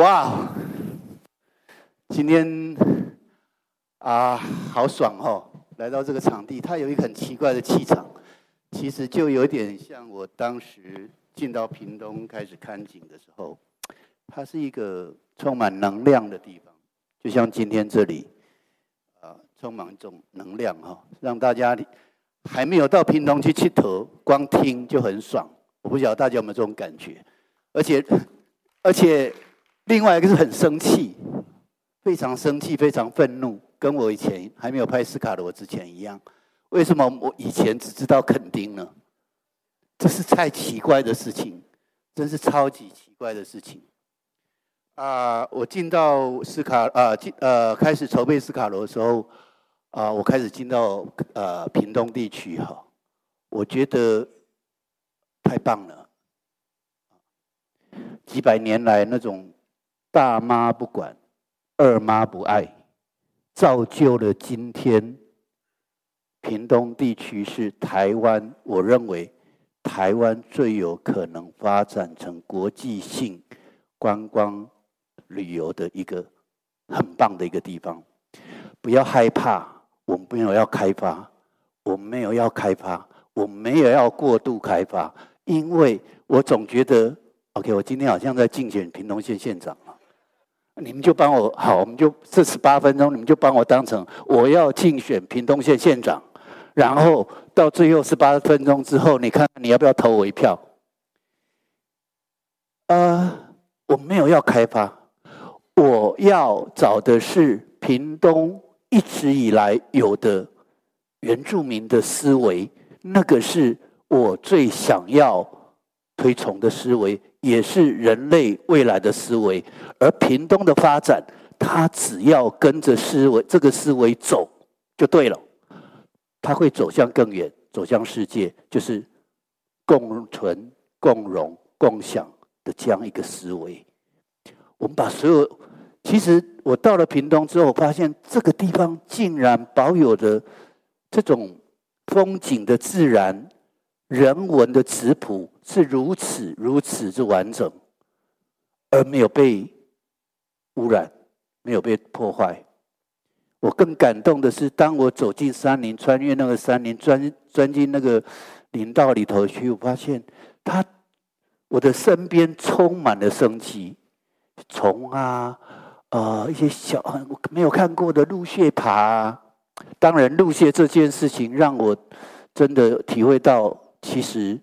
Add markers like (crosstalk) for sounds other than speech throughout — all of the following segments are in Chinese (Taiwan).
哇，今天啊，好爽哦！來到這個場地，它有一個很奇怪的氣場，其實就有點像我當時進到屏東開始看景的時候，它是一個充滿能量的地方，就像今天這裡啊，充滿一種能量哈、哦，讓大家還沒有到屏東去去頭，光聽就很爽。我不曉得大家有沒有這種感覺，而且，而且。另外一個是很生氣，非常生氣，非常憤怒，跟我以前還沒有拍斯卡羅之前一樣。為什麼我以前只知道墾丁呢？這是太奇怪的事情，真是超級奇怪的事情。啊、呃，我進到斯卡啊、呃、進呃開始籌備斯卡羅的時候，啊、呃，我開始進到呃屏東地區哈、哦，我覺得太棒了，幾百年來那種。大媽不管，二媽不愛，造就了今天。屏東地區是台灣，我認為台灣最有可能發展成國際性觀光旅遊的一個很棒的一個地方。不要害怕，我們沒有要開發，我們沒有要開發，我們沒有要過度開發，因為我總覺得，OK，我今天好像在競選屏東縣縣長。你們就幫我好，我們就這十八分鐘，你們就幫我當成我要競選屏東縣縣長，然後到最後十八分鐘之後，你看你要不要投我一票？呃，啊我沒有要開發，我要找的是屏東一直以來有的原住民的思維，那個是我最想要推崇的思維也是人類未來的思維，而屏東的發展，它只要跟着思維這個思維走就對了，它會走向更遠，走向世界，就是共存、共榮、共享的這樣一個思維。我們把所有，其實我到了屏東之後，發現這個地方竟然保有著這種風景的自然，人文的質樸是如此如此之完整，而沒有被污染，沒有被破壞。我更感動的是，當我走進山林，穿越那個山林，鑽鑽進那個林道裡頭去，我發現他我的身邊充滿了生機，蟲啊，呃，一些小我沒有看過的陸蟹爬啊。當然，陸蟹這件事情讓我真的體會到。其實，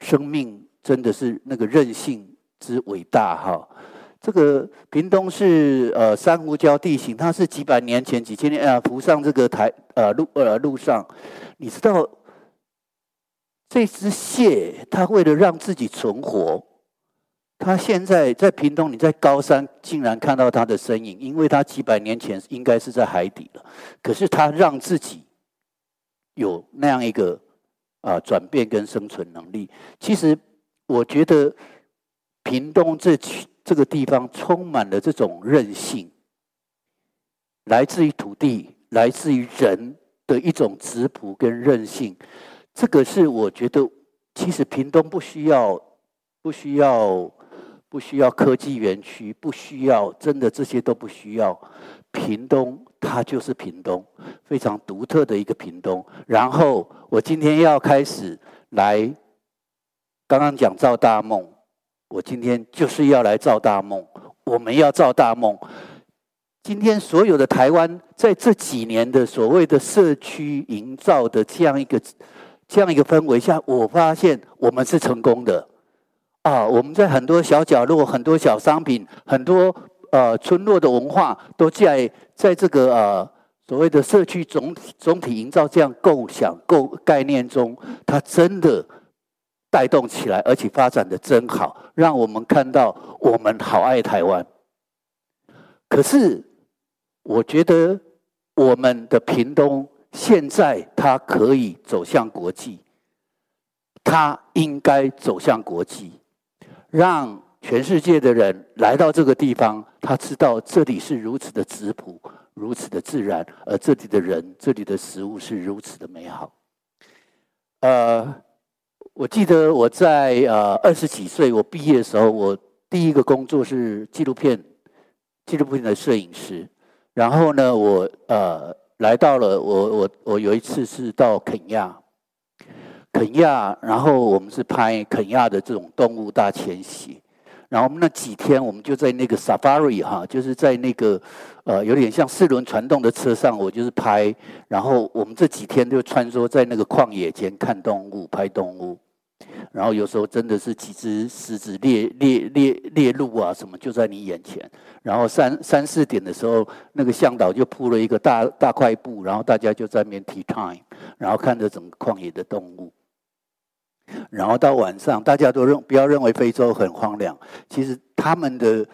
生命真的是那個韌性之偉大哈。這個屏東是呃珊瑚礁地形，它是幾百年前，幾千年啊浮上這個台呃、啊、路呃、啊、路上。你知道，這只蟹，它為了讓自己存活，它現在在屏東，你在高山竟然看到它的身影，因為它幾百年前應該是在海底了。可是它讓自己有那樣一個。啊，轉變跟生存能力，其實我覺得屏東這這個地方充滿了這種韌性，來自於土地，來自於人的一種質樸跟韌性。這個是我覺得，其實屏東不需要，不需要，不需要科技園區，不需要，真的這些都不需要。屏東，它就是屏東，非常獨特的一個屏東。然後，我今天要開始來，剛剛講造大夢，我今天就是要來造大夢。我們要造大夢。今天所有的台灣，在這幾年的所謂的社區營造的這樣一個，這樣一個氛圍下，我發現我們是成功的啊！我們在很多小角落、很多小商品、很多。呃，村落的文化都在在這個呃所謂的社區總體總體營造這樣構想構概念中，它真的帶動起來，而且發展得真好，讓我們看到我們好愛台灣。可是，我覺得我們的屏東現在它可以走向國際，它應該走向國際，讓。全世界的人來到這個地方，他知道這裡是如此的質樸，如此的自然，而這裡的人，這裡的食物是如此的美好。呃，我記得我在呃二十幾歲，我畢業的時候，我第一個工作是紀錄片，紀錄片的攝影師。然後呢，我呃來到了我我我有一次是到肯亞，肯亞，然後我們是拍肯亞的這種動物大遷徙。然後我們那幾天，我們就在那個 safari 哈，就是在那個呃，有點像四輪傳動的車上，我就是拍。然後我們這幾天就穿梭在那個曠野間，看動物，拍動物。然後有時候真的是幾隻獅子獵獵獵獵鹿啊，什麼就在你眼前。然後三三四點的時候，那個嚮導就鋪了一個大大塊布，然後大家就在那邊 tea time，然後看着整個曠野的動物。然後到晚上，大家都認不要認為非洲很荒涼，其實他們的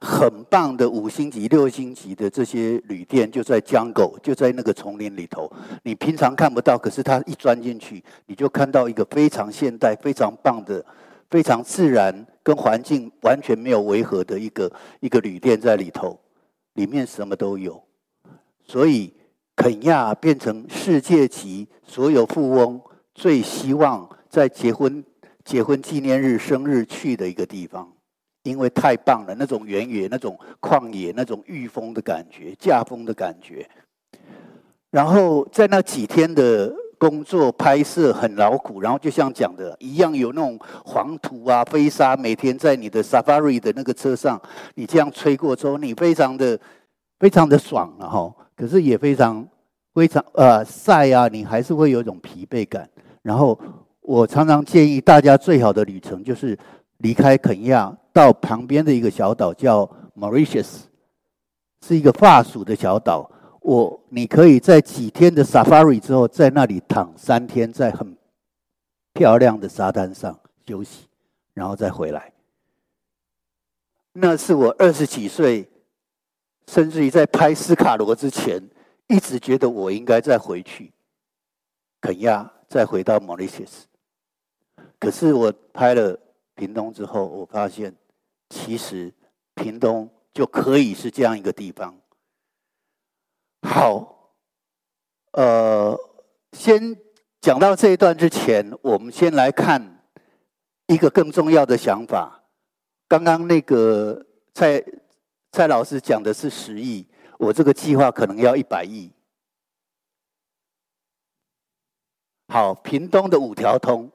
很棒的五星級、六星級的這些旅店就在 jungle，就在那個叢林裡頭。你平常看不到，可是它一鑽進去，你就看到一個非常現代、非常棒的、非常自然跟環境完全沒有違和的一個一個旅店在裡頭，裡面什麼都有。所以肯亞變成世界級所有富翁最希望，在結婚結婚紀念日、生日去的一個地方，因為太棒了，那種原野、那種曠野、那種御風的感覺、駕風的感覺。然後在那幾天的工作拍攝很勞苦，然後就像講的一樣，有那種黃土啊、飛沙，每天在你的 safari 的那個車上，你這樣吹過之後，你非常的非常的爽啊，然後，哦，可是也非常非常呃曬啊，你還是會有一種疲憊感，然後。我常常建議大家，最好的旅程就是離開肯亞，到旁邊的一個小島叫模里西斯，是一個法屬的小島。我你可以在幾天的 Safari 之後，在那裡躺三天，在很漂亮的沙灘上休息，然後再回來。那是我二十幾歲，甚至於在拍斯卡羅之前，一直覺得我應該再回去肯亞，再回到模里西斯。可是我拍了屏東之後，我發現其實屏東就可以是這樣一個地方。好，呃，先講到這一段之前，我們先來看一個更重要的想法。剛剛那個蔡蔡老師講的是十億，我這個計劃可能要一百億。好，屏東的五條通。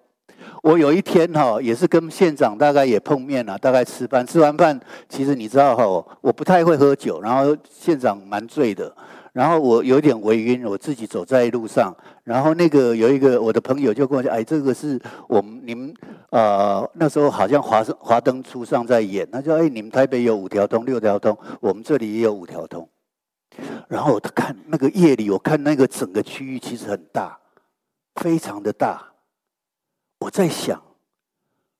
我有一天哈，也是跟縣長大概也碰面了，大概吃飯。吃完飯，其實你知道哈，我不太會喝酒，然後縣長蠻醉的，然後我有點微暈，我自己走在路上。然後那個有一個我的朋友就跟我講，哎，這個是我們你們呃那時候好像華華燈初上在演，他就說，哎，你們台北有五條通六條通，我們這裡也有五條通。然後我看那個夜裡，我看那個整個區域其實很大，非常的大。我在想，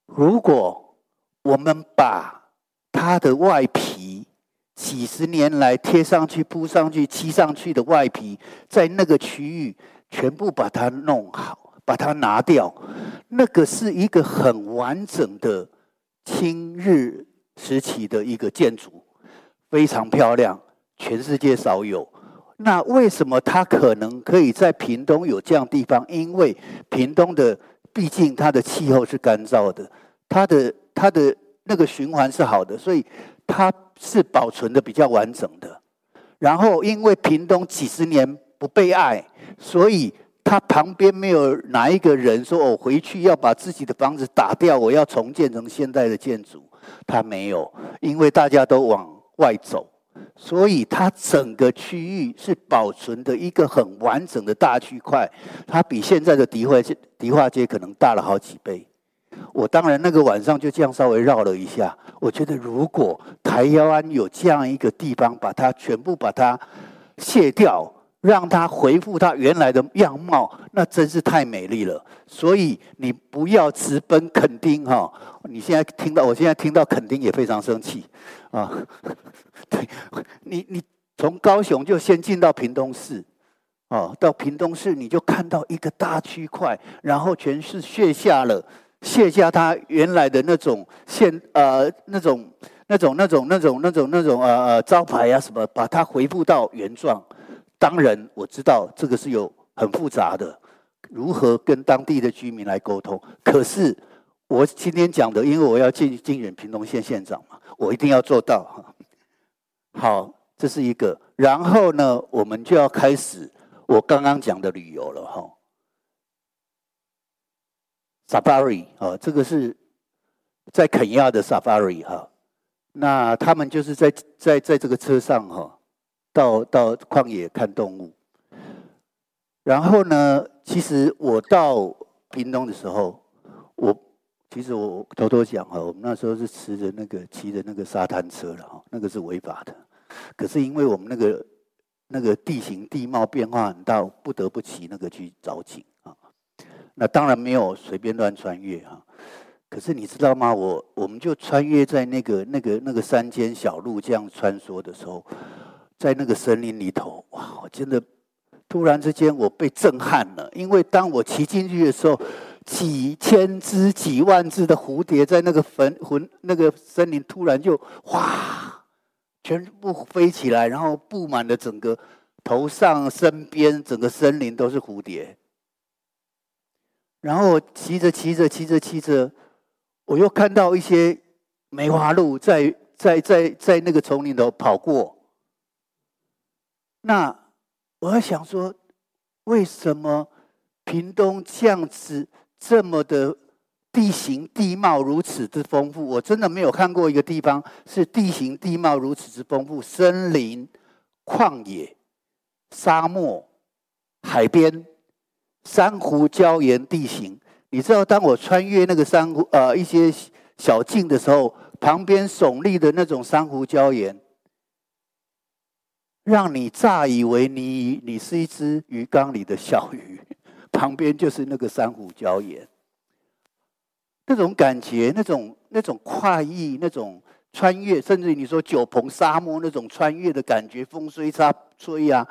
如果我們把它的外皮幾十年來貼上去、鋪上去、砌上去的外皮，在那個區域全部把它弄好、把它拿掉，那個是一個很完整的清日時期的一個建築，非常漂亮，全世界少有。那為什麼它可能可以在屏東有這樣地方？因為屏東的。畢竟它的氣候是乾燥的，它的它的那個循環是好的，所以它是保存的比較完整的。然後因為屏東幾十年不被愛，所以它旁邊沒有哪一個人說：“我、哦、回去要把自己的房子打掉，我要重建成現代的建築。”他沒有，因為大家都往外走。所以它整個區域是保存的一個很完整的大區塊，它比現在的迪化街迪化街，可能大了好幾倍。我當然那個晚上就這樣稍微繞了一下，我覺得如果台灣有這樣一個地方，把它全部把它卸掉，讓它恢復它原來的樣貌，那真是太美麗了。所以你不要直奔墾丁哈、哦，你現在聽到我現在聽到墾丁也非常生氣。啊， (laughs) 對，你你從高雄就先進到屏東市，哦，到屏東市你就看到一個大區塊，然後全是卸下了，卸下它原來的那種現，呃，那種、那種、那種、那種、那種、那種、那種呃招牌啊什麼，把它回復到原狀。當然，我知道這個是有很複雜的，如何跟當地的居民來溝通，可是。我今天講的，因為我要進競選屏東縣縣長嘛，我一定要做到哈。好，這是一個。然後呢，我們就要開始我剛剛講的旅遊了哈、哦。Safari 啊、哦，這個是在肯亞的 Safari 哈、哦。那他們就是在在在這個車上哈、哦，到到曠野看動物。然後呢，其實我到屏東的時候，我。其實我偷偷講哈，我們那時候是騎着那個騎着那個沙灘車的哈，那個是違法的。可是因為我們那個那個地形地貌變化很大，不得不騎那個去找景啊。那當然沒有隨便亂穿越哈。可是你知道嗎？我我們就穿越在那個那個那個山間小路這樣穿梭的時候，在那個森林裡頭，哇！我真的突然之間我被震撼了，因為當我騎進去的時候。幾千隻、幾萬隻的蝴蝶在那個墳、混那個森林，突然就嘩，全部飛起來，然後布滿了整個頭上、身邊、整個森林都是蝴蝶。然後騎着騎着騎着騎着，我又看到一些梅花鹿在、在在在在那個叢林頭跑過。那我想說，為什麼屏東這樣子？這麼的地形地貌如此之豐富，我真的沒有看過一個地方是地形地貌如此之豐富，森林、曠野、沙漠、海邊、珊瑚礁岩地形。你知道，當我穿越那個珊瑚呃一些小徑的時候，旁邊聳立的那種珊瑚礁岩，讓你乍以為你你是一隻魚缸裡的小魚。旁邊就是那個珊瑚礁岩，那種感覺，那種那種快意，那種穿越，甚至你說九棚沙漠那種穿越的感覺，風吹沙吹啊，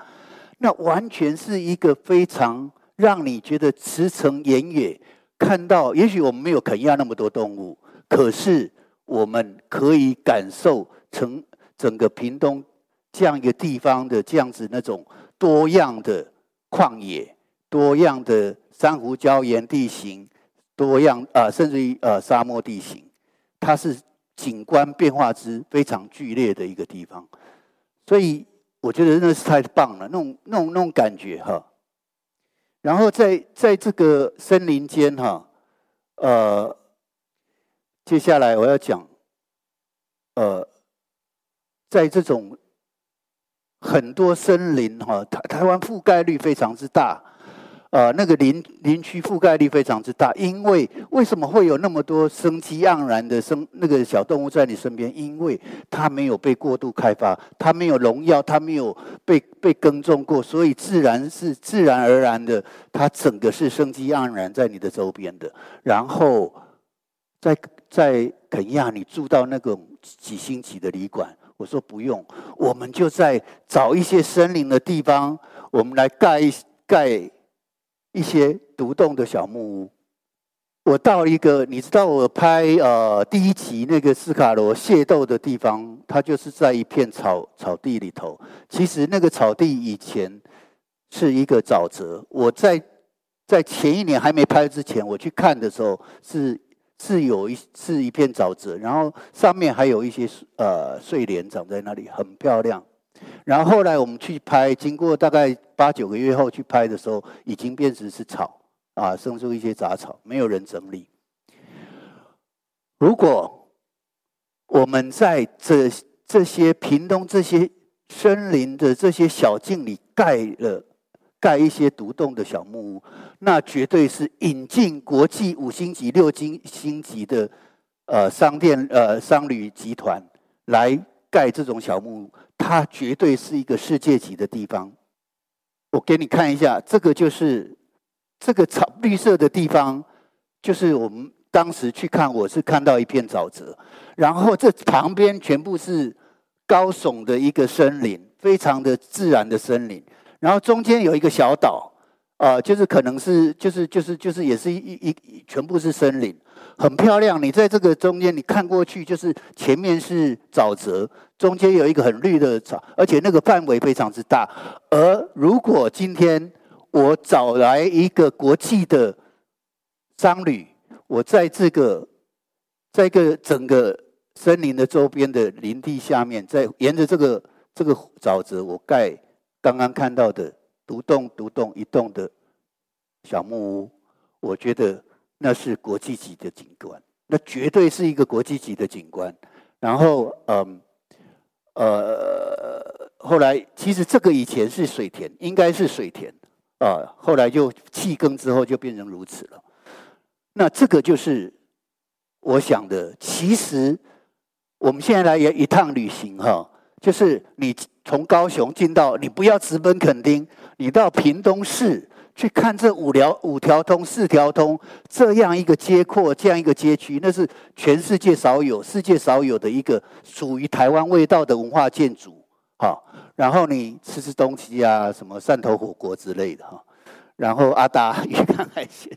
那完全是一個非常讓你覺得馳騁原野，看到也許我們沒有肯亞那麼多動物，可是我們可以感受成整個屏東這樣一個地方的這樣子那種多樣的曠野。多樣的珊瑚礁岩地形，多樣啊、呃，甚至於呃沙漠地形，它是景觀變化之非常劇烈的一個地方，所以我覺得真的是太棒了，那種那種那種感覺哈、啊。然後在在這個森林間哈、啊，呃，接下來我要講，呃，在這種很多森林哈、啊，台台灣覆蓋率非常之大。呃，那個林林區覆蓋率非常之大，因為為什麼會有那麼多生機盎然的生那個小動物在你身邊？因為它沒有被過度開發，它沒有農藥，它沒有被被耕種過，所以自然是自然而然的，它整個是生機盎然在你的周邊的。然後在在肯亞，你住到那個幾星級的旅館，我說不用，我們就在找一些森林的地方，我們來蓋一蓋。一些獨棟的小木屋，我到一個，你知道我拍呃第一集那個斯卡羅械鬥的地方，它就是在一片草草地裡頭。其實那個草地以前是一個沼澤，我在在前一年還沒拍之前，我去看的時候是是有一是一片沼澤，然後上面還有一些呃睡蓮長在那裡，很漂亮。然後後來我們去拍，經過大概八九個月後去拍的時候，已經變成是草啊，生出一些雜草，沒有人整理。如果我們在這這些屏東這些森林的這些小徑裡蓋了蓋一些獨棟的小木屋，那絕對是引進國際五星級、六星星級的呃商店呃商旅集團來。蓋這種小木屋，它絕對是一個世界級的地方。我給你看一下，這個就是這個草綠色的地方，就是我們當時去看，我是看到一片沼澤，然後這旁邊全部是高聳的一個森林，非常的自然的森林，然後中間有一個小島。啊、呃，就是可能是，就是就是就是，就是、也是一一,一全部是森林，很漂亮。你在這個中間，你看過去，就是前面是沼澤，中間有一個很綠的沼，而且那個範圍非常之大。而如果今天我找來一個國際的商旅，我在這個在一個整個森林的周邊的林地下面，在沿着這個這個沼澤，我蓋剛剛看到的。獨棟、獨棟、一棟的小木屋，我覺得那是國際級的景觀，那絕對是一個國際級的景觀。然後，嗯、呃，呃，後來其實這個以前是水田，應該是水田啊、呃，後來就棄耕之後就變成如此了。那這個就是我想的，其實我們現在來也一趟旅行哈。就是你從高雄進到，你不要直奔墾丁，你到屏東市去看這五條五條通、四條通這樣一個街廓、這樣一個街區，那是全世界少有、世界少有的一個屬於台灣味道的文化建築，哈、哦。然後你吃吃東西啊，什麼汕頭火鍋之類的哈、哦。然後阿達魚乾海鮮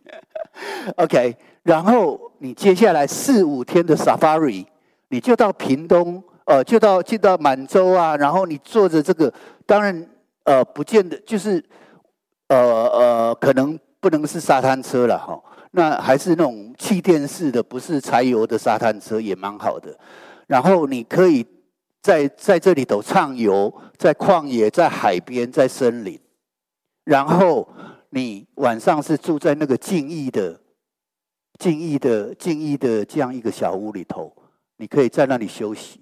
，OK。然後你接下來四五天的 Safari，你就到屏東。呃，就到就到滿洲啊，然後你坐着這個，當然呃不見得，就是呃呃，可能不能是沙灘車啦哈，那還是那種氣墊式的，不是柴油的沙灘車也蠻好的。然後你可以在在這裡頭暢遊，在曠野、在海邊、在森林，然後你晚上是住在那個靜謐的、靜謐的、靜謐的這樣一個小屋裡頭，你可以在那裡休息。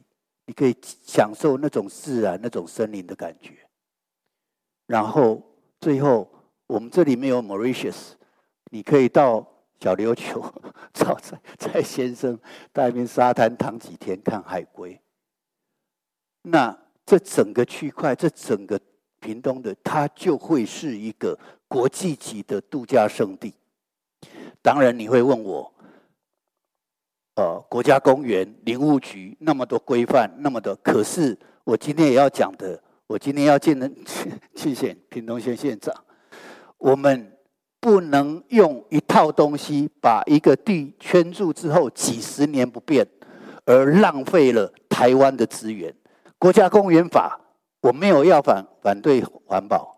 你可以享受那種自然，那種森林的感覺，然後最後我們這裡沒有 Mauritius，你可以到小琉球找蔡蔡先生帶邊沙灘躺幾天看海龜。那這整個區塊，這整個屏東的，它就會是一個國際級的度假勝地。當然你會問我。呃、哦，國家公園、林務局那麼多規範，那麼多。可是我今天也要講的，我今天要見的，謝謝屏東縣縣長。我們不能用一套東西把一個地圈住之後幾十年不變，而浪費了台灣的資源。國家公園法，我沒有要反反對環保，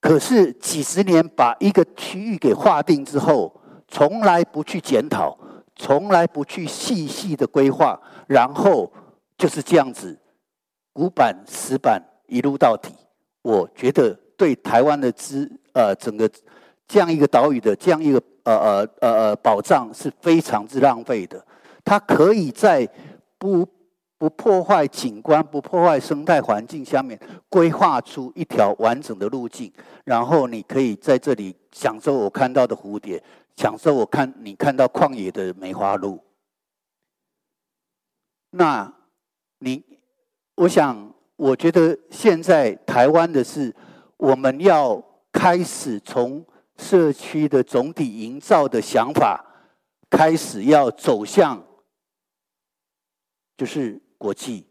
可是幾十年把一個區域給劃定之後，從來不去檢討。從來不去細細的規劃，然後就是這樣子古板死板，一路到底。我覺得對台灣的資呃整個這樣一個島嶼的這樣一個呃呃呃呃寶藏是非常之浪費的。它可以在不不破壞景觀、不破壞生態環境下面規劃出一條完整的路徑，然後你可以在這裡享受我看到的蝴蝶。享受我看你看到曠野的梅花鹿，那，你，我想，我覺得現在台灣的是我們要開始從社區的總體營造的想法，開始要走向，就是國際，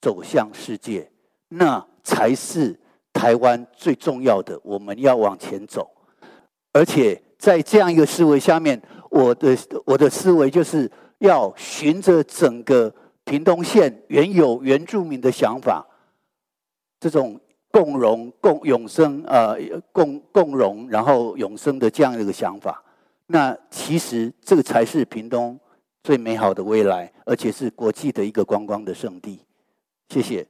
走向世界，那才是台灣最重要的，我們要往前走，而且。在這樣一個思維下面，我的我的思維就是要循着整個屏東縣原有原住民的想法，這種共榮、共永生，呃，共共榮，然後永生的這樣一個想法。那其實這個才是屏東最美好的未來，而且是國際的一個觀光，光的聖地。謝謝。